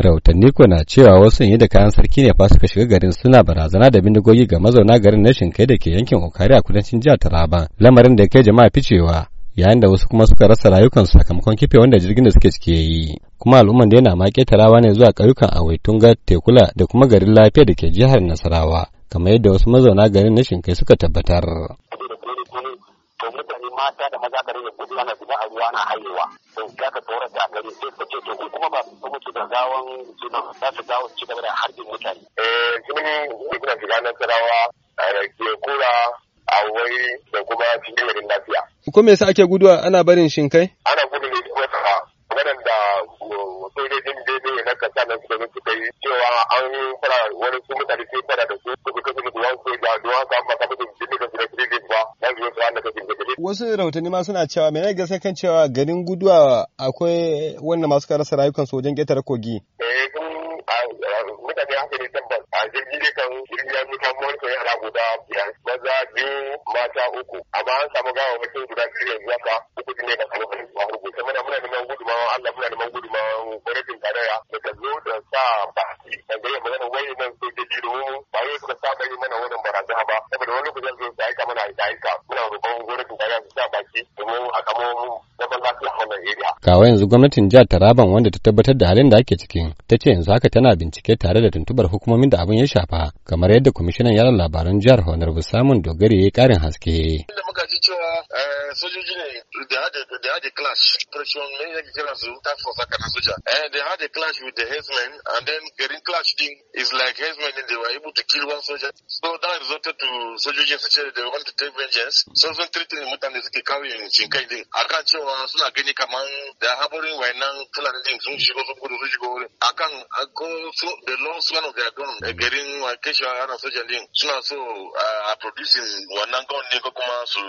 rahotanni ko na cewa wasu yi da kayan sarki ne fa suka shiga garin suna barazana da bindigogi ga mazauna garin na shinkai da ke yankin okari a kudancin jihar taraba lamarin da ya kai jama'a ficewa yayin da wasu kuma suka rasa rayukansu sakamakon kife wanda jirgin da suke cike yi kuma al'umman da yana maƙe tarawa ne zuwa ƙauyukan waitunga tekula da kuma garin lafiya da ke jihar nasarawa kamar yadda wasu mazauna garin na shinkai suka tabbatar mata da maza garin da gudu ana zuba a ruwa na hayewa sai ka tsoron da gari sai ka ce to kuma ba su mutu da gawan suna za su gawo ci gaba da harbin mutane. Eh, sun ne kuna shiga na tsarawa a ke kura a wai da kuma cikin garin lafiya. Ko me yasa ake guduwa ana barin shinkai? Ana gudu ne kuma tsara waɗanda uh, sojojin daidai na kasa na suka suka kai cewa an yi fara wani su mutane sai fara da su suka kasance da wasu da duwan samun wasu rahotanni ma suna cewa mai gaskiya kan cewa garin guduwa akwai wanda masu rasa rayukansu wajen ƙetare kogi. Eh, mutane haka ne tabbas a jirgi ne kan jirgi ya mutan yara guda maza biyu mata uku amma an samu gawa mutum guda biyu yanzu haka uku ne da samu kan zuwa rubuta muna muna neman gudumawa Allah muna neman gudumawa gwamnatin tarayya da ta zo da sa baki da yi magana wani nan sojoji domin ba yau suka sa kai mana wannan barazana ba saboda wani lokacin zo su aika mana aika aika muna domin a kamo zaman lafiya a wannan Kawo yanzu gwamnatin jihar Taraban wanda ta tabbatar da halin da ake cikin ta ce yanzu haka tana bincike tare da tuntubar hukumomin da abin ya shafa kamar yadda kwamishinan yaran labaran jihar Honorable Samun Dogari ya yi ƙarin haske. Inda muka ji cewa eh, sojoji ne da had a clash pressure ne yake kira su task force haka na soja. Eh, they had a clash with the headsmen and then garin clash din is like headsmen and they were able to kill one soldier. So that resulted to sojojin su ce they want to take vengeance. Sun sun mutane suke kawo sauyin cinkai din akan cewa suna gani kamar da haburin wayannan fulani din sun shigo sun gudu sun shigo wurin akan ko so the long span of their gun eh, garin kashe ana sojan din suna so a ah, producing wannan gun ne ko kuma su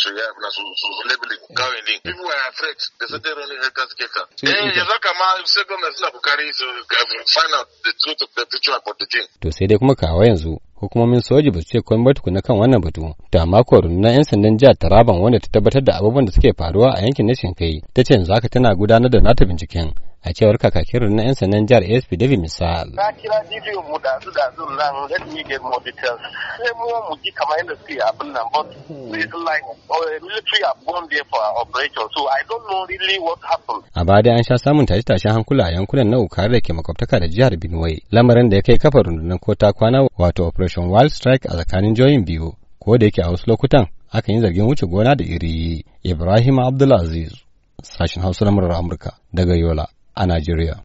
su ya na su su labeling gawin din people were afraid da sai tere ne ka suke ka eh yanzu kama sai gwamnati suna kokari su eh, find out the truth of the picture about the thing to sai dai kuma kawai yanzu hukumomin soji ba su ce komai ba tukuna kan wannan batu da mako runa yan sandan jihar taraban wanda ta tabbatar da abubuwan da suke faruwa a yankin na shinkai ta ce yanzu haka tana gudanar da nata binciken a cewar kakakin na 'yan sandan jihar asp david misal na kira bidiyo mu da su nan let me get more details sai mu mu ji kamar yadda suke abin nan but it's like oh, military have gone there for operation so i don't know really what happened a baya an sha samun tashe-tashen hankula a yankunan na ukare da ke makwabtaka da jihar benue lamarin da ya kai kafa rundunar ko ta kwana wato operation wild strike a tsakanin joyin biyu ko da yake a wasu lokutan aka yi zargin wuce gona da iri ibrahim abdulaziz sashen hausa na murar amurka daga yola and Nigeria.